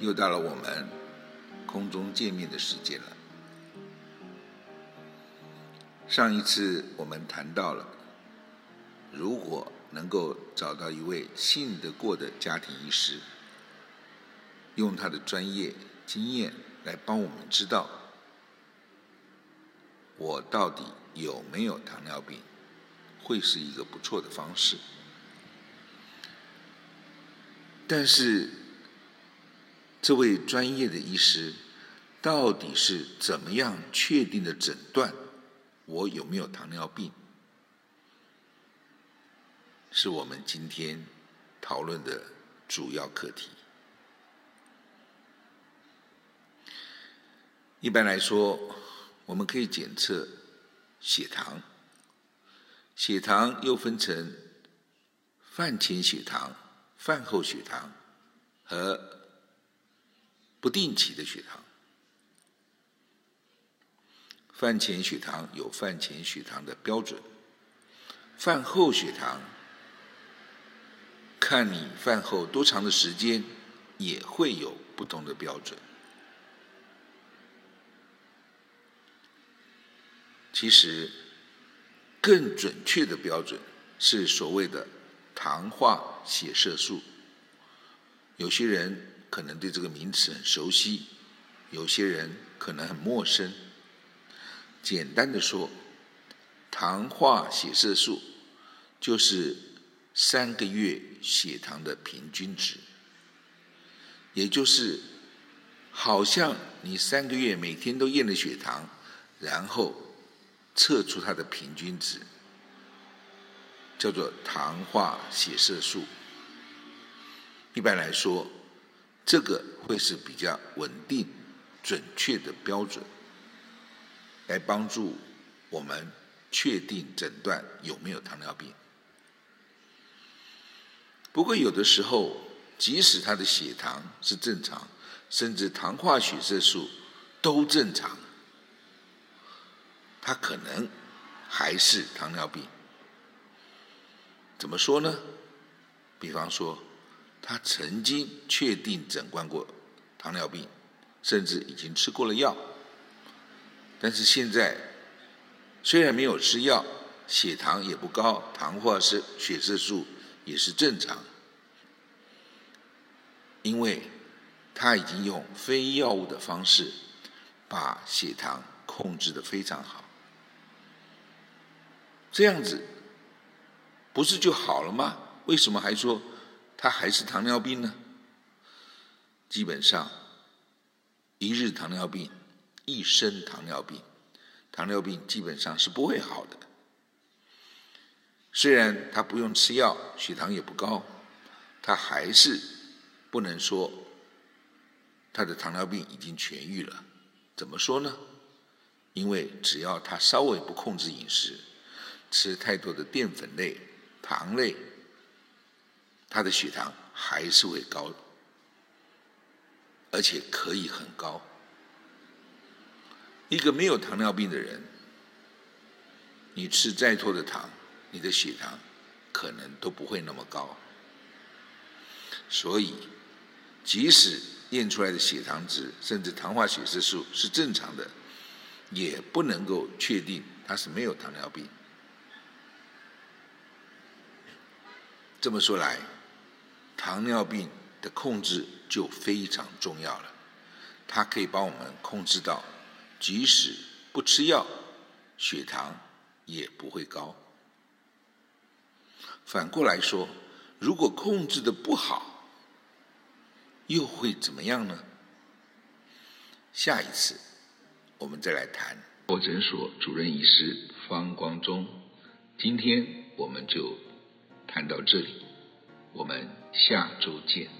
又到了我們空中見面的時間了。上一次我們談到了，如果能夠找到一位信得過的家庭醫師，用他的專業經驗來幫我們知道我到底有沒有糖尿病，會是一個不錯的方式。但是，這位專業的醫師到底是怎麼樣確定的診斷？我有沒有糖尿病？是我們今天討論的主要課題。一般來說，我們可以檢測血糖，血糖又分成飯前血糖、飯後血糖和。不定期的血糖，飯前血糖有飯前血糖的標準，飯後血糖看你飯後多長的時間，也會有不同的標準。其實更準確的標準是所謂的糖化血色素，有些人。可能對這個名詞很熟悉，有些人可能很陌生。簡單的說，糖化血色素就是三個月血糖的平均值，也就是好像你三個月每天都驗了血糖，然後測出它的平均值，叫做糖化血色素。一般來說。這個會是比較穩定、準確的標準，來幫助我們確定診斷有沒有糖尿病。不過，有的時候即使他的血糖是正常，甚至糖化血色素都正常，他可能還是糖尿病。怎麼說呢？比方說，他曾經確定診斷過糖尿病，甚至已經吃過了藥，但是現在雖然沒有吃藥，血糖也不高，糖化是血色素也是正常，因為他已經用非藥物的方式把血糖控制得非常好，這樣子不是就好了嗎？為什麼還說？他還是糖尿病呢？基本上，一日糖尿病，一生糖尿病，糖尿病基本上是不會好的。雖然他不用吃藥，血糖也不高，他還是不能說他的糖尿病已經痊癒了。怎麼說呢？因為只要他稍微不控制飲食，吃太多的澱粉類、糖類。他的血糖還是會高，而且可以很高。一個沒有糖尿病的人，你吃再多的糖，你的血糖可能都不會那麼高。所以，即使驗出來的血糖值甚至糖化血色素是正常的，也不能夠確定他是沒有糖尿病。這麼說來。糖尿病的控制就非常重要了，它可以把我們控制到即使不吃藥，血糖也不會高。反過來說，如果控制的不好，又會怎麼樣呢？下一次我們再來談。我診所主任醫師方光中，今天我們就談到這裡，我們。下週見。